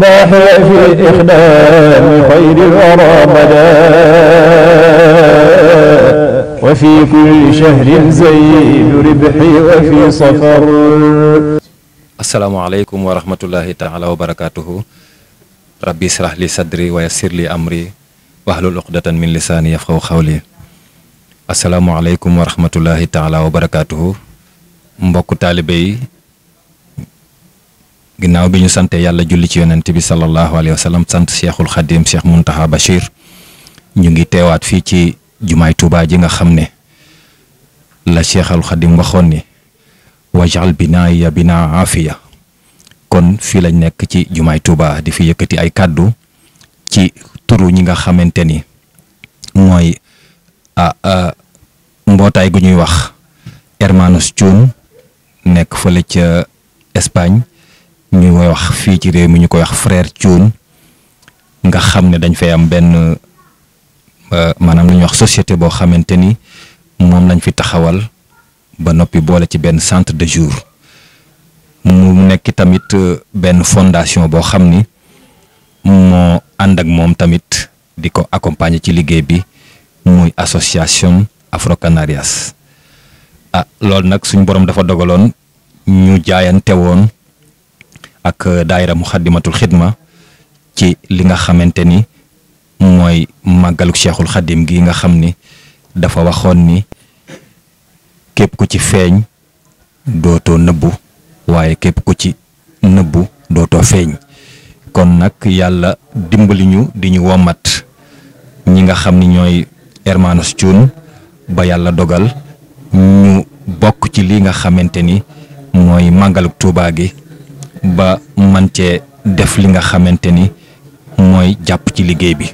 الصباح في إخدام خير الورى بدا وفي كل شهر زيد ربحي وفي صفر السلام عليكم ورحمة الله تعالى وبركاته ربي اشرح لي صدري ويسر لي أمري واحلل عقدة من لساني يفقهوا قولي asalaamaaleykum wa rahmatullahi taala wa barakaatuhu mbokk taalibe yi ginnaaw bi ñu sante yàlla julli ci yonent bi sallallahu alayhi wa sallam sant cheikhul xadim cheikh Muntaha Bachir ñu ngi teewaat fii ci jumaay Tuubaa ji nga xam ne la cheikhul xadim waxoon ni wajal binaaya binaa afiya kon fii lañ nekk ci jumaay Tuubaa di fi yëkkati ay kàddu ci turu ñi nga xamante ni mooy mbootaay gu ñuy wax Hermanos Thioune nekk fële ca Espagne ñu wax fii ci réew mi ñu koy wax frère Thion nga xam ne dañ fay am benn maanaam lu ñuy wax société boo xamante ni moom lañ fi taxawal ba noppi boole ci benn centre de jour mu nekk tamit euh, benn fondation boo xam ni moo ànd ak moom tamit di ko accompagner ci liggéey bi muy association Afro Canarias ah loolu nag suñ borom dafa dogaloon ñu jaayante woon. ak euh, daayira Muxaddamatul Xidma ci li nga xamante ni mooy màggalu Cheikhul xaddim gi nga xam ni dafa waxoon ni képp ku ci feeñ dootoo nëbbu waaye képp ku ci nëbbu dootoo feeñ kon nag yàlla dimbali ñu di ñu womat ñi nga xam ni ñooy hermanos Thioune ba yàlla dogal ñu bokk ci li nga xamante ni mooy màggalu Tuubaa gi ba man cee def li nga xamante ni mooy jàpp ci liggéey bi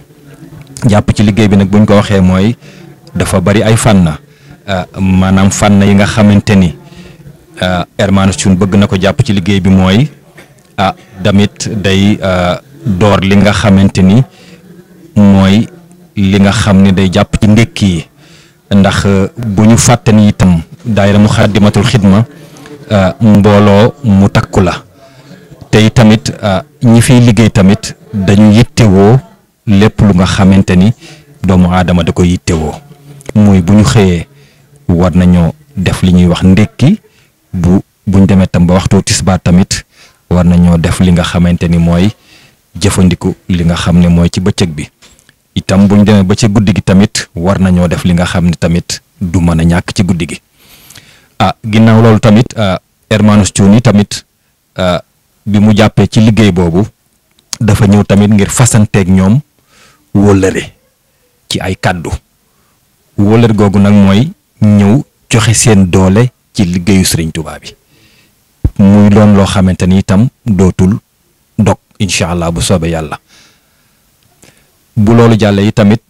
jàpp ci liggéey bi nag buñ ko waxee mooy dafa bari ay fànn ah, maanaam fànn yi nga xamante ni ah, Herman Sune bëgg na ko jàpp ci liggéey bi mooy ah damit day ah, door li nga xamante ni mooy li nga xam ni day jàpp ci ndékki yi ndax bu ñu fàttani itam daayira mu xaddimatul xidma mbooloo mu takku la tey tamit euh, ñi fiy liggéey tamit dañu yittewoo lépp lu nga xamante ni doomu aadama da koy yittewoo muy bu ñu xëyee war nañoo def li ñuy wax ndékki bu buñ demee tam ba waxtu tisbaar tamit war nañoo def li nga xamante ni mooy jëfandiku li nga xam ne mooy ci bëccëg bi itam buñ demee ba ci guddi gi tamit war nañoo def li nga xam ne tamit du mën a ñàkk ci guddi gi ah loolu tamit euh, Hermanus Cuuni tamit euh, bi mu jàppee ci liggéey boobu dafa ñëw tamit ngir fasanteeg ñoom wóllëre ci ay kàddu wóllëre googu nag mooy ñëw joxe seen doole ci liggéeyu sëriñ Tuubaa bi muy doon loo xamante ni itam dootul dog incha allah bu soobee yàlla bu loolu jàllee yi tamit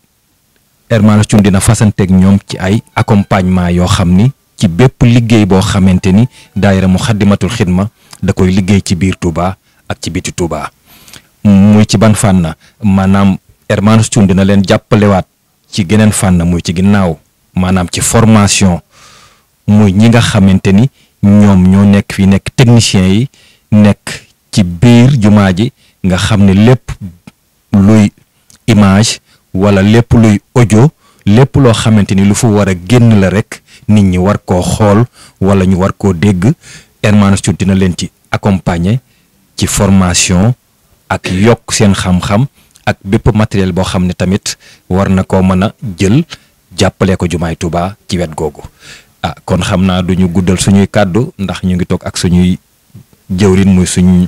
Hermanus Thioune dina fasanteeg ñoom ci ay accompagnement yoo xam ni ci bépp liggéey boo xamante ni daayira mu xaddimatul xidma da koy liggéey ci biir Touba ak ci biti Touba muy ci ban fànna maanaam Hermanus Thioune dina leen jàppalewaat ci geneen fànn muy ci ginnaaw maanaam ci formation muy ñi nga xamante ni ñoom ñoo nekk fi nekk techniciens yi nekk ci biir jumaa ji nga xam ne lépp luy image wala lépp luy ojo lépp loo xamante ni lu fu war a génn la rek nit ñi war koo xool wala ñu war koo dégg Air Mansour dina leen ci accompagner ci formation ak yokk seen xam-xam ak bépp matériel boo xam ne tamit war na ko mën a jël jàppale ko jumaay Touba ci wet googu ah kon xam naa du ñu guddal suñuy kàddu ndax ñu ngi toog ak suñuy jëwrin muy suñ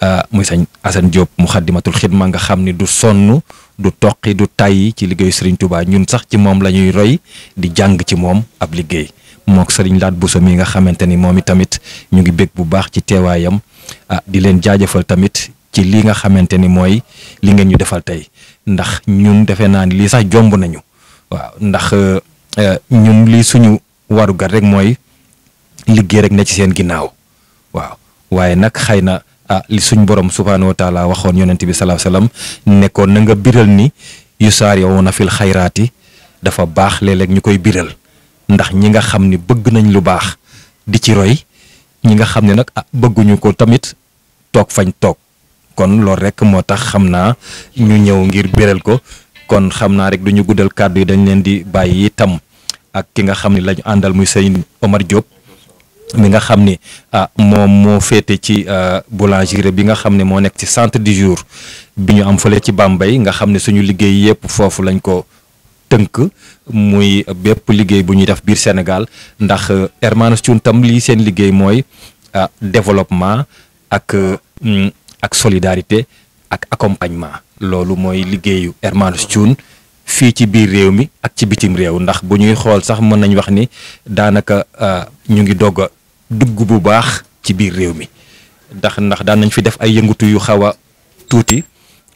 ah, muy sañ Assane Diop mu xaddimatul xidma nga xam ni du sonn du toqi du tàyyi ci liggéeyu Serigne Touba ñun sax ci moom la ñuy roy di jàng ci moom ab liggéey mook sëriñ Laat Bousso mi nga xamante ni moom i tamit ñu ngi bég bu baax ci teewaayam ah di leen jaajëfal tamit ci li nga xamante ni mooy li ngeen ñu defal tey ndax ñun defe naa ni lii sax jomb nañu waaw ndax eh, ñun lii suñu warugar rek mooy liggéey rek ne ci seen ginnaaw waaw waaye nag xëy na ah li suñ borom subaano wa taala waxoon yonent bi salaa salaam nekkoon na nga biral ni yusaar yow na fil xayraati dafa baax léeg ñu koy biral ndax ñi nga xam ni bëgg nañ lu baax di ci roy ñi nga xam ne nag ah bëgguñu ko tamit toog fañ toog kon loolu rek moo tax xam naa ñu ñëw ngir béral ko kon xam naa rek du ñu guddal kàddu yi dañ leen di bàyyi itam ak ki nga xam ne lañu àndal muy sëñ Omar Diop mi nga xam ni ah, moom moo féete ci ah, boulangerie bi nga xam ne moo nekk ci centre du jour bi ñu am fële ci baam Bambey nga xam ne suñu liggéey yëpp foofu lañ ko tënk muy bépp liggéey bu ñuy def biir Sénégal ndax euh, Hermanus Thioune tam lii seen liggéey mooy euh, développement ak euh, ak solidarité ak accompagnement loolu mooy liggéeyu Hermanus Thioune fii ci biir réew mi ak ci bitim réew ndax bu ñuy xool sax mën nañ wax ni daanaka ñu ngi dogg a dugg bu baax ci biir réew mi ndax ndax daan nañ fi def ay yëngutu yu xaw a tuuti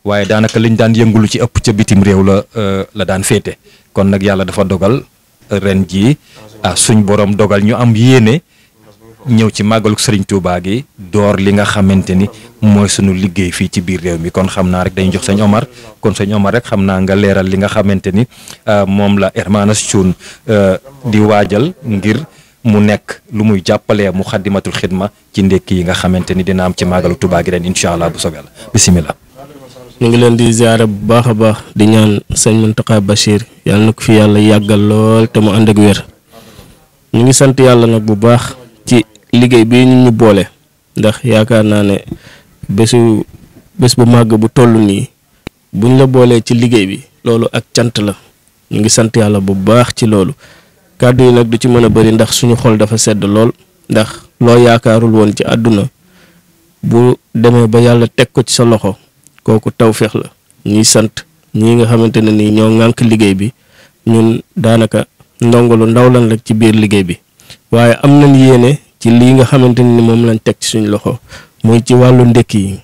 waaye daanaka liñ daan yëngulu ci ëpp ca bitim réew la euh, la daan féete kon nag yàlla dafa dogal euh, ren ji ah, suñ borom dogal ñu am yéene ñëw ci màggaluk sëriñ Touba gi door li nga xamante ni mooy sunu liggéey fii ci biir réew mi kon xam naa rek dañu jox sëñ Omar kon sëñ Omar rek xam naa nga leeral li nga xamante ni euh, moom la Hermanas Thioune di waajal ngir mu nekk lu muy jàppalee mu xaddimatul xidma ci ndékki yi nga xamante ni dina am ci màggalu Touba gi ren incha bu soobee la ñu ngi leen di ziare bu baax a baax di ñaan sëñ Mountakha Bachir yàlla na ko fi yàlla yàggal lool te mu ànd ak wér ñu ngi sant yàlla nag bu baax ci liggéey bii ñu boole ndax yaakaar naa ne bésu bés bu màgg bu toll nii buñ la boolee ci liggéey bi loolu ak cant la ñu ngi sant yàlla bu baax ci loolu kàddu yi nag du ci mën a bari ndax suñu xol dafa sedd lool ndax loo yaakaarul woon ci àdduna bu demee ba yàlla teg ko ci sa loxo. kooku tawféex la ñuy sant ñii nga xamante ne nii ñoo ŋànk liggéey bi ñun daanaka ndongo lu ndaw lan rek ci biir liggéey bi waaye am nañ yéene ci lii nga xamante ni moom lañ teg ci suñu loxo muy ci wàllu ndekki yi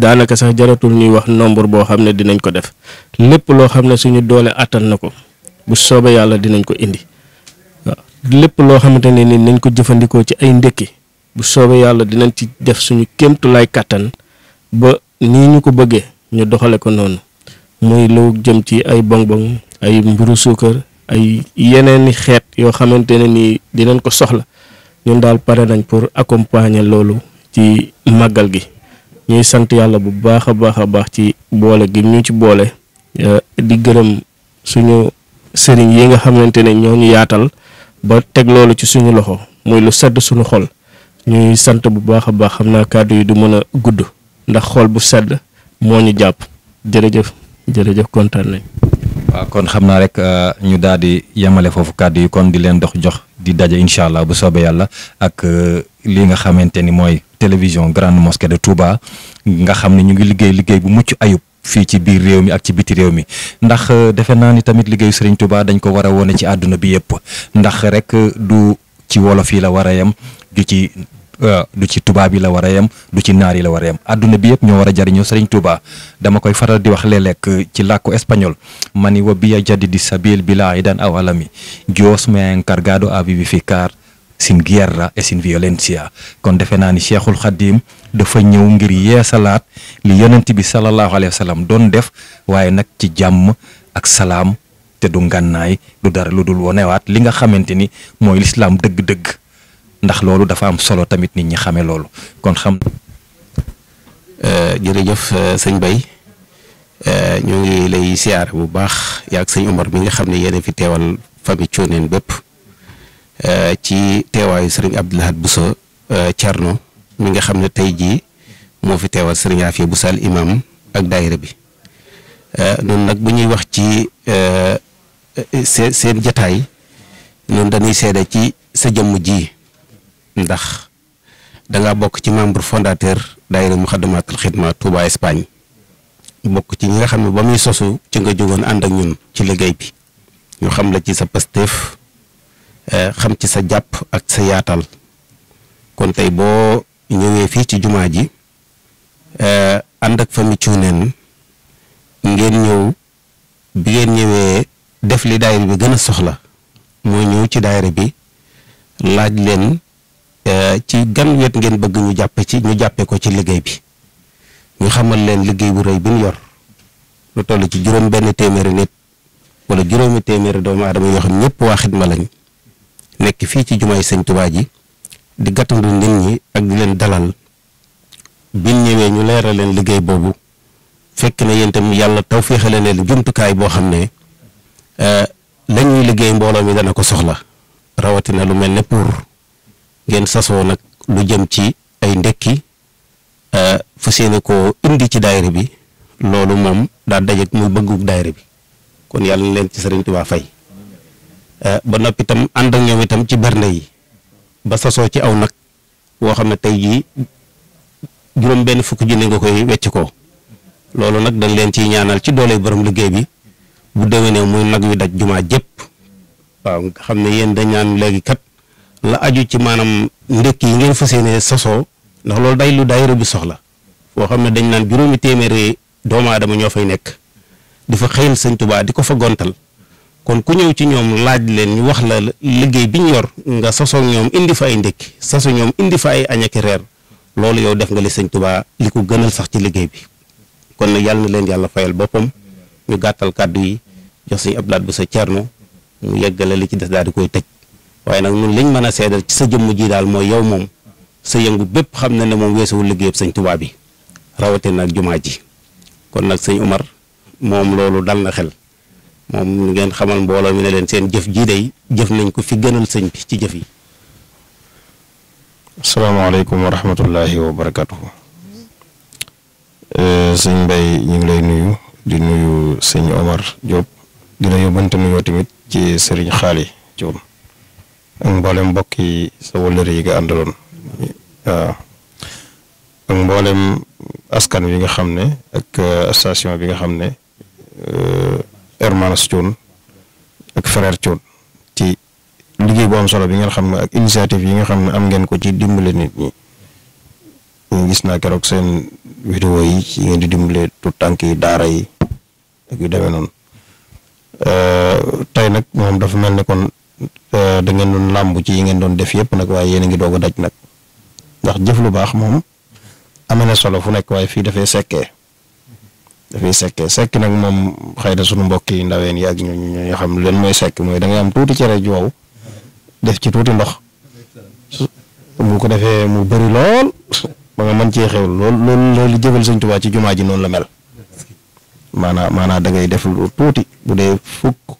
daanaka sax jaratul ñuy wax nombre boo xam ne dinañ ko def lépp loo xam ne suñu doole attan na ko bu soobee yàlla dinañ ko indi waaw loo xamante ne ni nañ ko jëfandikoo ci ay ndekki bu soobee yàlla dinañ ci def suñu kéemtulaay kàttan ba nii ñu ko bëggee ñu doxale ko noonu muy lu jëm ci ay bonbon ay mbiru suukar ay yeneeni xeet yoo xamante ne nii dinañ ko soxla ñun daal pare nañ pour accompagner loolu ci màggal gi ñuy sant yàlla bu baax a baax a baax ci boole gi ñu ci boole eh, di gërëm suñu sëriñ yi nga xamante ne ñoo ñu yaatal ba teg loolu ci suñu loxo muy lu sedd suñu xol ñuy sant bu baax a baax xam naa kàddu yi du mën a gudd ndax xool bu sedd moo ñu jàpp jërëjëf jërëjëf kontaan nañ. waaw kon xam naa rek euh, ñu daal di yemale foofu kàddu yi kon di leen dox jox di daje incha allah bu soobee yàlla ak euh, li nga xamante ni mooy télévision grande mosquée de Touba nga xam ne ñu ngi liggéey liggéey bu mucc ayub. fii ci biir réew mi ak ci biti réew mi ndax euh, defe naa ni tamit liggéeyu Serigne tubaa dañ ko war a wone ci àdduna bi yëpp ndax rek du ci wolof yi la war a yem du ci Euh, du ci tubaab yi la war a yem du ci naar yi la war a àdduna bi yëpp ñoo war a jariñoo Sëriñ tubaa dama koy faral di wax léeg-léeg euh, ci làkku espagnol ma ni wa biya jadidi sabil bila aidan aw alami Dios me ha encargado a vivificar sin guerra et sin violencia kon defe naa ni Cheikhul Khadim dafa ñëw ngir yeesalaat li yonent bi sallallahu alayhi wa doon def waaye nag ci jàmm ak salaam te du ngànnaay du dara lu dul wonewaat li nga xamante ni mooy lislaam dëgg-dëgg ndax loolu dafa am solo tamit nit ñi xamee loolu kon xam. Euh, jërëjëf euh, sëñ Bay euh, ñu ngi lay siyaare bu baax yaa ak sëñ Omar bi nga xam ne yéen fi teewal famille Thionène bépp ci teewaayu sëriñ Abdou Lahad Bousso Thierno mi nga xam ne tey jii moo fi teewal sëriñ bu Bousso al imam ak daayira bi noonu nag bu ñuy wax ci seen seen jataay noonu dañuy seede ci sa jëmm ji. ndax danga nga bokk ci membre fondateur dayre daayira Muxaddamaatul Xidma Touba Espagne bokk ci ñi nga xam ne ba muy sosu ci nga jógoon ànd ak ñun ci liggéey bi ñu xam la ci sa pasteef eh, xam ci sa jàpp ak sa yaatal kon tey boo ñëwee fii ci jumaa ji eh, ànd ak famille Cuuneen ngeen ñëw bi ngeen ñëwee def li daayira bi gën a soxla mooy ñëw ci daayira bi laaj leen Euh, ci gan wet ngeen bëgg ñu jàppe ci ñu jàppe ko ci liggéey bi ñu xamal leen liggéey bu rëy bi ñu yor lu toll ci juróom benn téeméeri nit wala juróomi téeméeri doomu aadama yoo xam ñëpp waa xidma lañ nekk fii ci jumaay sëñ ji di gàttandu nit ñi ak di leen dalal biñ ñëwee ñu leeral leen liggéey boobu fekk na yéen itam yàlla tawféexale leen jumtukaay boo xam ne euh, la ñuy liggéey mbooloo mi dana ko soxla rawatina lu mel ne pour ngeen sasoo nag lu jëm ci ay ndekki euh, fa séene ko indi ci daayira bi loolu moom daa dajeek muy bëggug daayira bi kon yàlla na leen ci Sëriñ Tuubaa fay euh, ba noppi itam ànd ak ñoom itam ci bernde yi ba sasoo ci aw nag woo xam ne tey jii juróom benn fukki junne nga koy wecc ko loolu nag dañ leen ciy ñaanal ci doole borom liggéey bi bu déwénee muy nag yu daj jumaa jëpp waaw nga xam ne yéen dañ ñaan léegi kat la aju ci maanaam ndékk yi ngeen fas ne sosoo ndax loolu day lu daayira bi soxla foo xam ne dañ naan juróomi téeméeri doomu aadama ñoo fay nekk di fa xëyal sañ tubaa di ko fa gontal kon ku ñëw ci ñoom laaj leen ñu wax la liggéey bi ñu yor nga sosoo ñoom indi fa ay ndékki soso ñoom indi fa ay añaki reer loolu yow def nga li sañ tubaa li ko gënal sax ci liggéey bi kon nag yàlla na leen yàlla fayal boppam ñu gàttal kàddu yi jox sëñ abdulaat bu sa cerno mu li ci des daal di koy tëj waaye nag ñun liñ mën a seedal ci sa jëmm ji daal mooy yow moom sa yëngu bépp xam na ne moom weesuwul liggéeyub sëñ Tuubaa bi rawatina ak jumaa ji kon nag sëñ Umar moom loolu dal na xel moom ngeen xamal mbooloo mi ne leen seen jëf ji day jëf nañ ko fi gënal sëñ bi ci jëf yi. asalaamaaleykum wa rahmatullahi wa barakaatu. Eh, sëñ mbay ñu ngi lay nuyu di nuyu sëñ Omar Diop dina yóbbante nuyoo tamit ci sëriñ Xaali Diop. ak mboolem mbokk yi sa wëllëre yi nga àndaloon waaw ak mboolem askan wi nga xam ne ak euh, station bi nga xam ne euh, Hermanas Thioune ak frère Thioune ci liggéey bu am solo bi nga xam ne ak initiative yi nga xam ne am ngeen ko ci dimbale nit ñi gis naa keroog seen vidéo yi ci ngeen di dimbale tout tànk yi daara yi ak yu demee noonu euh, tey nag moom dafa mel ne kon Euh, da ngeen doon làmb ci yi ngeen doon def yëpp nag waaye yéen a ngi doog a daj nag ndax jëf lu baax moom amee na solo fu nekk waaye fii dafee sekkee dafay sekke sekki nag moom xëy na sunu mbokk yi ndaween yi ak ñu ñu xam leen mooy sekk mooy da ngay am tuuti cere joow def ci tuuti ndox bu ko defee mu bëri lool ma nga mën cee xew lool lool loolu jëfal sëñ Tuubaa ci jumaa ji noonu la mel maanaa maanaa da ngay def lu tuuti bu dee fukk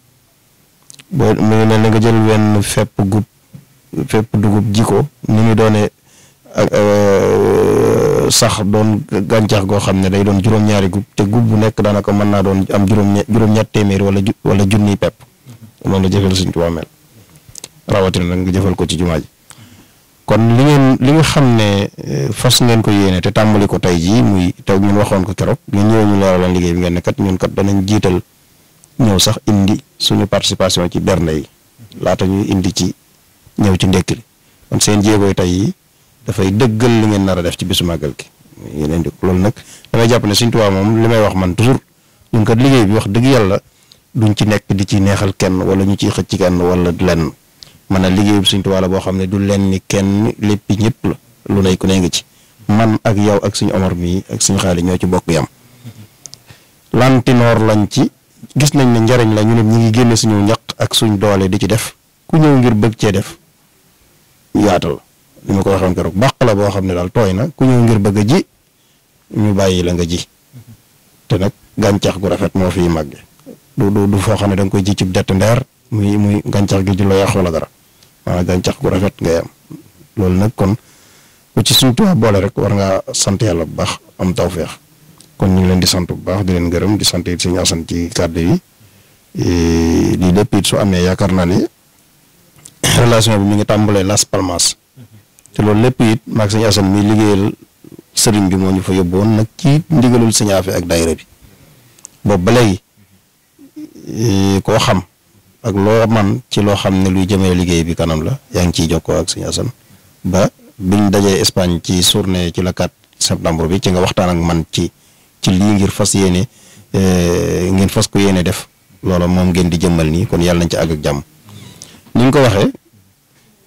boo mu ngi mel ne nga jël wenn fepp gub fepp dugub ji ko ni mu doone euh, sax doon gàncax goo xam ne day doon juróom-ñaari gub te gub bu nekk daanaka mën naa doon am juróom-ñett téeméer wala ju wala junniy pepp moom la jëfal Sëñ Tuubaa mel rawatina nag jëfal ko ci jumaa kon li ngeen li nga xam ne euh, fas ngeen ko yéene te tàmbali ko tey jii muy te ngeen waxoon ko keroog ñun ñëwee ñu leeralal liggéey bi ngeen ne kat ñun kat danañ jiital. ñëw sax indi suñu participation ci berne yi laata ñuy indi ci ñëw ci ndekki li kon seen jéegooy tey dafay dëggal li ngeen nar a def ci bisu màggal gi yeneen loolu nag damay jàpp ne Sëriñ Tuubaa moom li may wax man toujours ñun kat liggéey bi wax dëgg yàlla duñ ci nekk di ci neexal kenn wala ñu ciy xëcc kenn walla lenn man a liggéey bi Sëriñ Tuubaa boo xam ne du lenn ni kenn léppi ñëpp la lu nay ku ngi ci man ak yow ak suñu Omar mii ak suñu xaali ñoo ci bokk yam gis nañ ne njariñ la ñu ne ñu ngi génne suñu ñaq ak suñu doolee di ci def ku ñëw ngir bëgg cee def yaatal li ma ko waxoon keroog bàq la boo xam ne daal tooy na ku ñëw ngir bëgg a ji ñu bàyyi la nga ji te nag gàncax gu rafet moo fiy màgge du du du foo xam ne da koy ji ci dett ndeer muy muy gàncax gi di la yàq gara dara maanaam gàncax gu rafet ngay am loolu nag kon ku ci suñ tubaab boole rek war ngaa sant yàlla bu baax am tawfeex kon ñu ngi leen di sant bu baax di leen gërëm di sant it suñu asan ci kàddu yi lii e, lépp it su amee yaakaar naa ni relation bi mu ngi tàmbalee Las Palmas te loolu lépp it maag suñu asan mi liggéeyal sëriñ bi moo ñu fa yóbbu nag ci ndigalul suñu affaire ak daayira bi boobu ba léegi e, koo xam ak loo man ci loo xam ne luy jëmee liggéey bi kanam la yaa ngi ciy jokkoo ak suñu asan ba biñ dajee Espagne ci journée ci la 4 septembre bi ci nga waxtaan ak man ci. ci lii ngir fas yéene eh, ngeen fas ko yéene def loola moom ngeen di jëmmal nii kon yàlla nañ ci àgg jàmm ni ñu ko waxee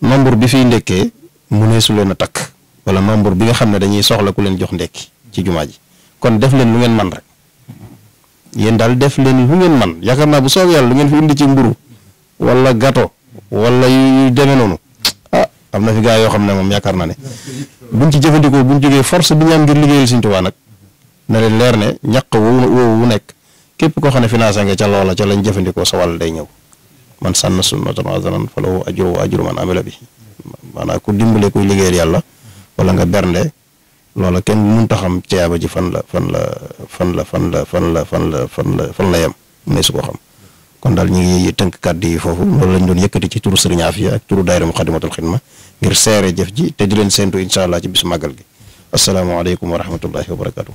membre bi fiy ndekkee mu ne su leen a takk wala membre bi nga xam ne dañuy soxla ku leen jox ndekki ci jumaa ji kon def leen lu ngeen man rek yéen daal def leen lu ngeen man yaakaar naa bu soobee yàlla lu ngeen fi indi ci mburu wala gato wala yu demee noonu a ah, am na fi gaa yoo xam ne moom yaakaar naa ne buñ ci jëfandikoo bu jógee force bi ñu am ngir liggéeyal Sëriñ Tuubaa na leen leer ne ñaq woowu woowu wu nekk képp koo xam ne financé nga ca loola ca lañ jëfandikoo sa wàll day ñëw man sànn sunnatan hasanan falahu ajruhu wa ajru man amila bi maanaam ku dimbale kuy liggéeyal yàlla wala nga bernde loola kenn mënut a xam ceeba ji fan la fan la fan la fan la fan la fan la fan la fan la yem su ko xam kon daal ñu ngi tënk kàddu foofu loolu lañ doon yëkkati ci turu Sëriñ Afiya ak turu daayira Muxaddamatul Xidma ngir seere jëf ji te di leen séentu incha allah ci bisu màggal gi asalaamaaleykum wa rahmatullahi wa barakatu